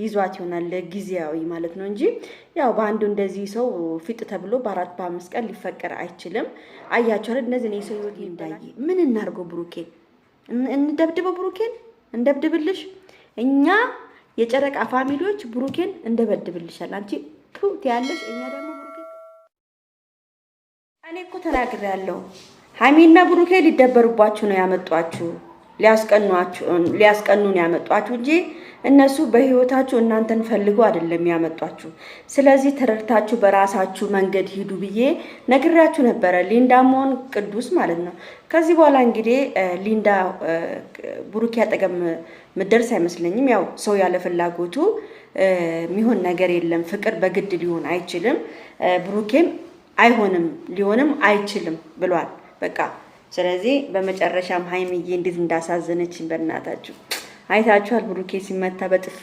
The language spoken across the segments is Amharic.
ይዟት ይሆናል ለጊዜያዊ ማለት ነው እንጂ ያው በአንዱ እንደዚህ ሰው ፊጥ ተብሎ በአራት በአምስት ቀን ሊፈቀር አይችልም። አያቸው አይደል? እነዚህ የሰው ህይወት እንዳይ ምን እናርገው? ብሩኬን እንደብድበው፣ ብሩኬን እንደብድብልሽ እኛ የጨረቃ ፋሚሊዎች ብሩኬን እንደበድብልሻል አንቺ ቱት ያለሽ እኛ ደግሞ እኔ እኮ ተናግሬያለሁ። ሀይሚና ብሩኬ ሊደበሩባችሁ ነው ያመጧችሁ። ሊያስቀኑን ያመጧችሁ እንጂ እነሱ በህይወታችሁ እናንተን ፈልጉ አይደለም ያመጧችሁ። ስለዚህ ተረድታችሁ በራሳችሁ መንገድ ሂዱ ብዬ ነግሬያችሁ ነበረ። ሊንዳ መሆን ቅዱስ ማለት ነው። ከዚህ በኋላ እንግዲህ ሊንዳ ብሩኬ አጠገብ ምደርስ አይመስለኝም። ያው ሰው ያለ ፍላጎቱ የሚሆን ነገር የለም። ፍቅር በግድ ሊሆን አይችልም። ብሩኬም አይሆንም ሊሆንም አይችልም ብሏል። በቃ ስለዚህ በመጨረሻም ሀይምዬ እንዴት እንዳሳዘነችን በእናታችሁ አይታችኋል። ብሩኬ ሲመታ በጥፊ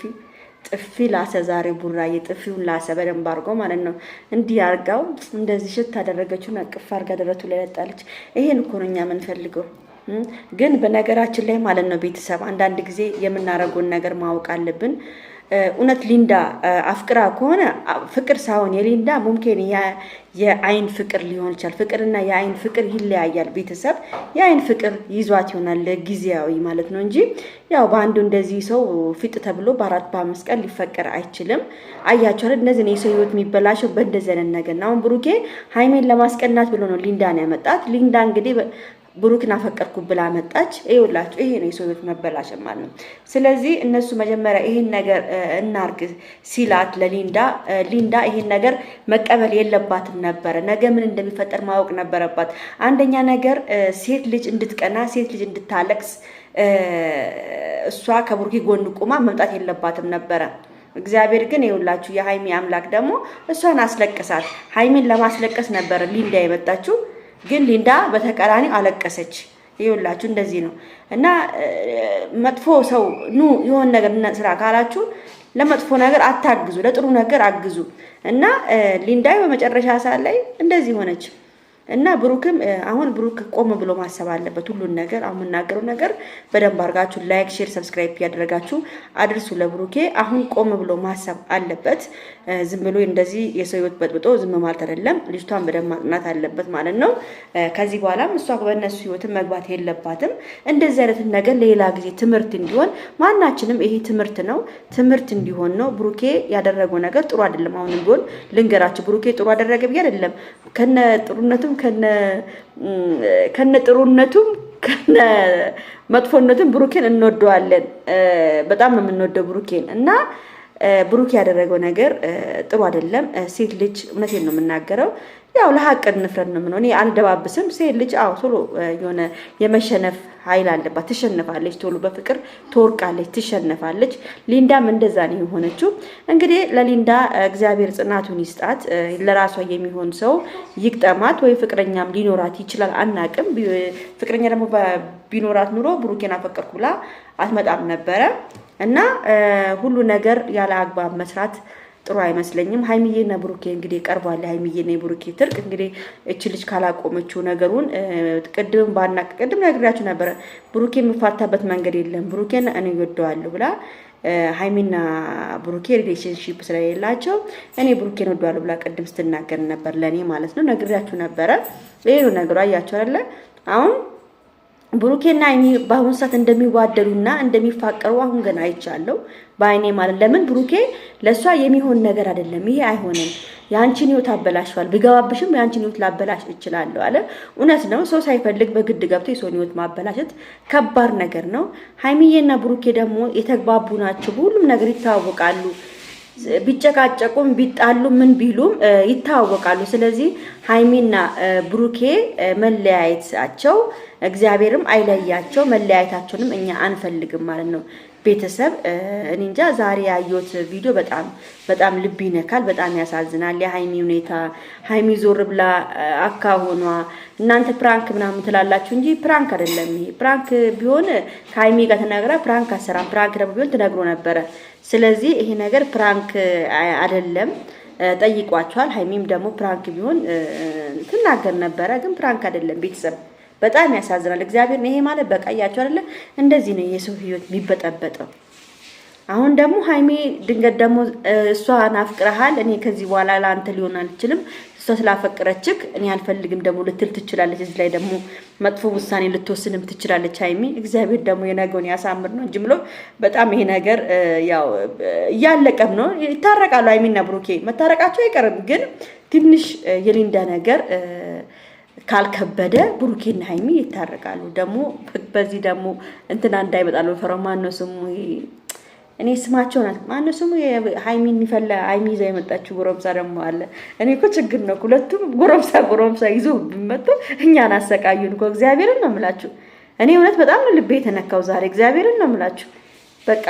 ጥፊ ላሰ። ዛሬ ቡራዬ ጥፊውን ላሰ በደንብ አድርጎ ማለት ነው። እንዲህ አርጋው እንደዚህ ሽት ታደረገችው ነቅፍ አርጋ ደረቱ ላይ ለጣለች። ይሄን እኮ ነው እኛ የምንፈልገው። ግን በነገራችን ላይ ማለት ነው ቤተሰብ አንዳንድ ጊዜ የምናደርገውን ነገር ማወቅ አለብን። እውነት ሊንዳ አፍቅራ ከሆነ ፍቅር ሳይሆን የሊንዳ ሙምኬን የአይን ፍቅር ሊሆን ይችላል። ፍቅርና የአይን ፍቅር ይለያያል። ቤተሰብ የአይን ፍቅር ይዟት ይሆናል ጊዜያዊ ማለት ነው እንጂ ያው በአንዱ እንደዚህ ሰው ፊጥ ተብሎ በአራት በአምስት ቀን ሊፈቀር አይችልም። አያቸኋል። እነዚህ ነው የሰው ህይወት የሚበላሸው በእንደዚህ ነገር ነው። አሁን ብሩኬ ሀይሜን ለማስቀናት ብሎ ነው ሊንዳን ያመጣት። ሊንዳ እንግዲህ ብሩክን አፈቀርኩ ብላ መጣች። ይኸውላችሁ ይሄ ነው የሰው ቤት ማለት ነው። ስለዚህ እነሱ መጀመሪያ ይሄን ነገር እናርግ ሲላት ለሊንዳ ሊንዳ ይሄን ነገር መቀበል የለባትም ነበረ። ነገ ምን እንደሚፈጠር ማወቅ ነበረባት። አንደኛ ነገር ሴት ልጅ እንድትቀና፣ ሴት ልጅ እንድታለቅስ እሷ ከብሩኪ ጎን ቁማ መምጣት የለባትም ነበረ። እግዚአብሔር ግን ይኸውላችሁ የሀይሚ አምላክ ደግሞ እሷን አስለቀሳት ሀይሚን ለማስለቀስ ነበረ ሊንዳ የመጣችው ግን ሊንዳ በተቃራኒው አለቀሰች። ይኸውላችሁ እንደዚህ ነው እና መጥፎ ሰው ኑ የሆን ነገር ስራ ካላችሁ ለመጥፎ ነገር አታግዙ፣ ለጥሩ ነገር አግዙ እና ሊንዳይ በመጨረሻ ሰዓት ላይ እንደዚህ ሆነች። እና ብሩክም አሁን ብሩክ ቆም ብሎ ማሰብ አለበት። ሁሉን ነገር አሁን የምናገረው ነገር በደንብ አድርጋችሁ ላይክ፣ ሼር፣ ሰብስክራይብ እያደረጋችሁ አድርሱ ለብሩኬ። አሁን ቆም ብሎ ማሰብ አለበት። ዝም ብሎ እንደዚህ የሰው ህይወት በጥብጦ ዝም ማለት አይደለም። ልጅቷን በደንብ ማቅናት አለበት ማለት ነው። ከዚህ በኋላም እሷ በእነሱ ህይወትን መግባት የለባትም። እንደዚህ አይነት ነገር ሌላ ጊዜ ትምህርት እንዲሆን ማናችንም ይሄ ትምህርት ነው፣ ትምህርት እንዲሆን ነው። ብሩኬ ያደረገው ነገር ጥሩ አይደለም። አሁን ቢሆን ልንገራችሁ፣ ብሩኬ ጥሩ አደረገ ብዬ አይደለም ከነ ጥሩነቱም ከነ ጥሩነቱም ከነ መጥፎነቱም ብሩኬን እንወደዋለን። በጣም ነው የምንወደው ብሩኬን እና ብሩኬ ያደረገው ነገር ጥሩ አይደለም። ሴት ልጅ እውነቴን ነው የምናገረው ያው ለሀቅ እንፍረድ ነው የምንሆን። አልደባብስም። ሴት ልጅ አዎ ቶሎ የሆነ የመሸነፍ ኃይል አለባት። ትሸነፋለች፣ ቶሎ በፍቅር ትወርቃለች፣ ትሸነፋለች። ሊንዳም እንደዛ ነው የሆነችው። እንግዲህ ለሊንዳ እግዚአብሔር ጽናቱን ይስጣት፣ ለራሷ የሚሆን ሰው ይግጠማት። ወይ ፍቅረኛም ሊኖራት ይችላል፣ አናቅም። ፍቅረኛ ደግሞ ቢኖራት ኑሮ ብሩኬን አፈቀርኩ ብላ አትመጣም ነበረ እና ሁሉ ነገር ያለ አግባብ መስራት ጥሩ አይመስለኝም። ሀይሚዬና ብሩኬ እንግዲህ ቀርቧል። ሀይሚዬና የብሩኬ ትርቅ እንግዲህ እች ልጅ ካላቆመችው ነገሩን ቅድም ባና ቅድም ነግሪያችሁ ነበረ። ብሩኬ የምፋታበት መንገድ የለም ብሩኬን እኔ እወደዋለሁ ብላ ሀይሚና ብሩኬ ሪሌሽንሽፕ ስለሌላቸው እኔ ብሩኬን እወደዋለሁ ብላ ቅድም ስትናገር ነበር። ለእኔ ማለት ነው ነግሪያችሁ ነበረ። ይሄ ነው ነገሩ። አያችሁ አይደለ አሁን ብሩኬና አይኔ በአሁኑ ሰዓት እንደሚዋደዱና እንደሚፋቀሩ አሁን ገና አይቻለሁ በአይኔ ማለት ለምን ብሩኬ ለእሷ የሚሆን ነገር አይደለም። ይሄ አይሆንም፣ የአንቺን ህይወት አበላሽዋል፣ ብገባብሽም የአንቺን ህይወት ላበላሽ እችላለሁ አለ። እውነት ነው። ሰው ሳይፈልግ በግድ ገብቶ የሰውን ህይወት ማበላሸት ከባድ ነገር ነው። ሀይሚዬና ብሩኬ ደግሞ የተግባቡ ናቸው። በሁሉም ነገር ይተዋወቃሉ። ቢጨቃጨቁም ቢጣሉ ምን ቢሉም ይታወቃሉ። ስለዚህ ሀይሚና ብሩኬ መለያየታቸው እግዚአብሔርም አይለያቸው፣ መለያየታቸውንም እኛ አንፈልግም ማለት ነው። ቤተሰብ እኔ እንጃ ዛሬ ያየሁት ቪዲዮ በጣም በጣም ልብ ይነካል፣ በጣም ያሳዝናል። የሀይሚ ሁኔታ ሀይሚ ዞር ብላ ሆኗ እናንተ ፕራንክ ምናምን ትላላችሁ እንጂ ፕራንክ አይደለም ይሄ። ፕራንክ ቢሆን ከሀይሚ ጋር ተናግራ ፕራንክ አሰራም። ፕራንክ ደግሞ ቢሆን ትነግሮ ነበረ ስለዚህ ይሄ ነገር ፕራንክ አይደለም። ጠይቋቸዋል። ሀይሚም ደግሞ ፕራንክ ቢሆን ትናገር ነበረ፣ ግን ፕራንክ አይደለም። ቤተሰብ በጣም ያሳዝናል። እግዚአብሔር ይሄ ማለት በቃያቸው አይደለ? እንደዚህ ነው የሰው ህይወት የሚበጠበጠው። አሁን ደግሞ ሀይሜ ድንገት ደግሞ እሷን አፍቅረሃል፣ እኔ ከዚህ በኋላ ለአንተ ሊሆን አልችልም፣ እሷ ስላፈቀረችክ እኔ አልፈልግም ደግሞ ልትል ትችላለች። እዚህ ላይ ደግሞ መጥፎ ውሳኔ ልትወስንም ትችላለች። ሀይሚ እግዚአብሔር ደግሞ የነገውን ያሳምር ነው እንጂ ምሎ በጣም ይሄ ነገር ያው እያለቀም ነው። ይታረቃሉ፣ ሀይሚና ብሩኬ መታረቃቸው አይቀርም። ግን ትንሽ የሊንዳ ነገር ካልከበደ ብሩኬና ሀይሚ ይታረቃሉ። ደግሞ በዚህ ደግሞ እንትና እንዳይመጣሉ ፈረማን ነው ስሙ እኔ ስማቸው ናት ማነው ስሙ ሀይሚን የሚፈላ ሀይሚ ይዛ የመጣችው ጎረምሳ ደግሞ አለ። እኔ እኮ ችግር ነው ሁለቱም ጎረምሳ ጎረምሳ ይዞ ብመጡ እኛን አሰቃዩን እኮ እግዚአብሔርን ነው ምላችሁ። እኔ እውነት በጣም ነው ልቤ የተነካው ዛሬ እግዚአብሔርን ነው ምላችሁ። በቃ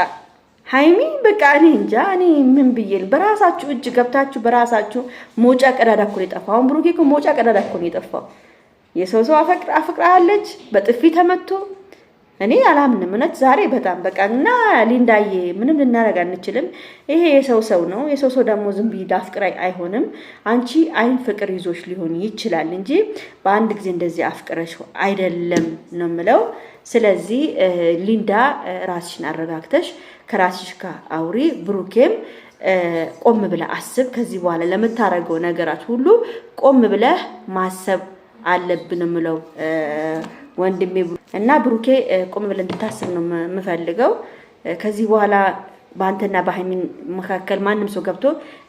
ሀይሚ በቃ እኔ እንጃ እኔ ምን ብዬል። በራሳችሁ እጅ ገብታችሁ በራሳችሁ መውጫ ቀዳዳ እኮ ነው የጠፋው። አሁን ብሩኬ እኮ መውጫ ቀዳዳ እኮ ነው የጠፋው። የሰው ሰው አፈቅራለች በጥፊ ተመቶ እኔ አላምንም። እውነት ዛሬ በጣም በቃ እና ሊንዳዬ ምንም ልናደርግ አንችልም። ይሄ የሰው ሰው ነው። የሰው ሰው ደግሞ ዝም ብዬ አፍቅራይ አይሆንም። አንቺ አይን ፍቅር ይዞች ሊሆን ይችላል እንጂ በአንድ ጊዜ እንደዚህ አፍቅረሽ አይደለም ነው የምለው። ስለዚህ ሊንዳ ራስሽን አረጋግተሽ ከራስሽ ጋር አውሪ። ብሩኬም ቆም ብለህ አስብ። ከዚህ በኋላ ለምታደርገው ነገራት ሁሉ ቆም ብለህ ማሰብ አለብን ምለው ወንድሜ እና ብሩኬ ቁም ብለን እንድታስብ ነው የምፈልገው። ከዚህ በኋላ በአንተና በሀይሚን መካከል ማንም ሰው ገብቶ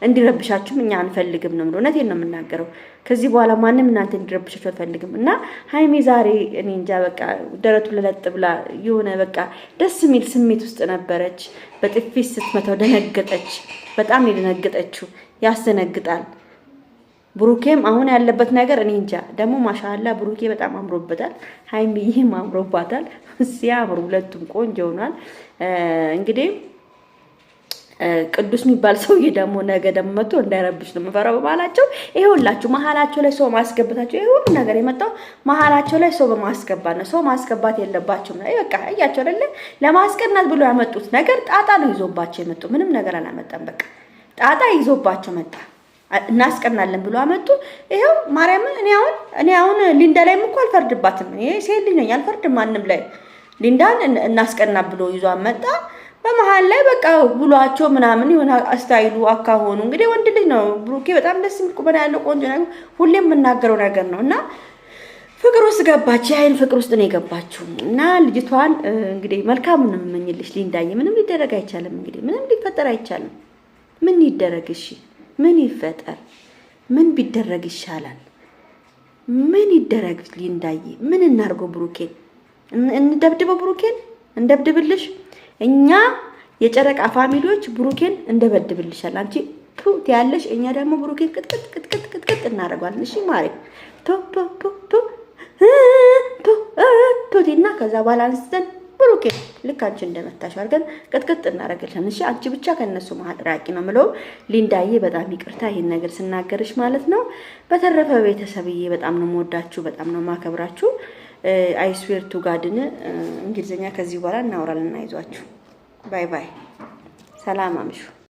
እንዲረብሻችሁም እኛ አንፈልግም ነው እውነት ነው የምናገረው። ከዚህ በኋላ ማንም እናንተ እንዲረብሻችሁ አልፈልግም እና ሀይሚ ዛሬ እኔ እንጃ በቃ ደረቱ ለለጥ ብላ የሆነ በቃ ደስ የሚል ስሜት ውስጥ ነበረች። በጥፊት ስትመታው ደነገጠች። በጣም የደነገጠችው ያስደነግጣል። ብሩኬም አሁን ያለበት ነገር እኔ እንጃ። ደግሞ ማሻላ ብሩኬ በጣም አምሮበታል፣ ሀይሚዬም አምሮባታል። ሲያምር ሁለቱም ቆንጆ ሆኗል። እንግዲህ ቅዱስ የሚባል ሰውዬ ደግሞ ነገ ደግሞ መጥቶ እንዳይረብሽ ነው የምፈራው በመሀላቸው። ይሄ ሁላችሁ መሀላቸው ላይ ሰው ማስገባታቸው ይሄ ሁሉ ነገር የመጣው መሀላቸው ላይ ሰው በማስገባት ነው። ሰው ማስገባት የለባቸውም ነው በቃ። እያቸው አይደለ ለማስቀናት ብሎ ያመጡት ነገር ጣጣ ነው ይዞባቸው የመጡ ምንም ነገር አላመጣም። በቃ ጣጣ ይዞባቸው መጣ። እናስቀናለን ብሎ አመጡ። ይኸው ማርያምን እኔ አሁን እኔ አሁን ሊንዳ ላይም እኮ አልፈርድባትም። ይሄ ሴት ልጅ ነኝ አልፈርድም ማንም ላይ። ሊንዳን እናስቀና ብሎ ይዞ መጣ። በመሀል ላይ በቃ ብሏቸው ምናምን የሆነ ስታይሉ አካሆኑ እንግዲህ ወንድ ልጅ ነው ብሩኬ። በጣም ደስ የሚል ያለው ቆንጆ ነገር፣ ሁሌም የምናገረው ነገር ነው እና ፍቅር ውስጥ ገባች። የአይን ፍቅር ውስጥ ነው የገባችው እና ልጅቷን እንግዲህ መልካም ነው የምመኝልሽ ሊንዳዬ። ምንም ሊደረግ አይቻልም እንግዲህ ምንም ሊፈጠር አይቻልም። ምን ይደረግ እሺ። ምን ይፈጠር? ምን ቢደረግ ይሻላል? ምን ይደረግ? ሊንዳዬ ምን እናርገው? ብሩኬን እንደብድበው? ብሩኬን እንደብድብልሽ? እኛ የጨረቃ ፋሚሊዎች ብሩኬን እንደበድብልሻል። አንቺ ቱ ያለሽ፣ እኛ ደግሞ ብሩኬን ቅጥቅጥ ቅጥቅጥ ቅጥቅጥ እናደርጓለን እሺ ማሪ ቱ ቱ ቱ ቱ ቱ እና ከዛ በኋላ አንስተን ብሩኬ ልክ አንቺ እንደመታሽ አድርገን ቅጥቅጥ እናደርግልህን። እሺ አንቺ ብቻ ከእነሱ መሀል ራቂ ነው ምለው። ሊንዳዬ በጣም ይቅርታ ይህን ነገር ስናገርሽ ማለት ነው። በተረፈ ቤተሰብዬ በጣም ነው መወዳችሁ፣ በጣም ነው ማከብራችሁ። አይስዌር ቱ ጋድን እንግሊዝኛ ከዚህ በኋላ እናወራለን። አይዟችሁ። ባይ ባይ። ሰላም አምሹ።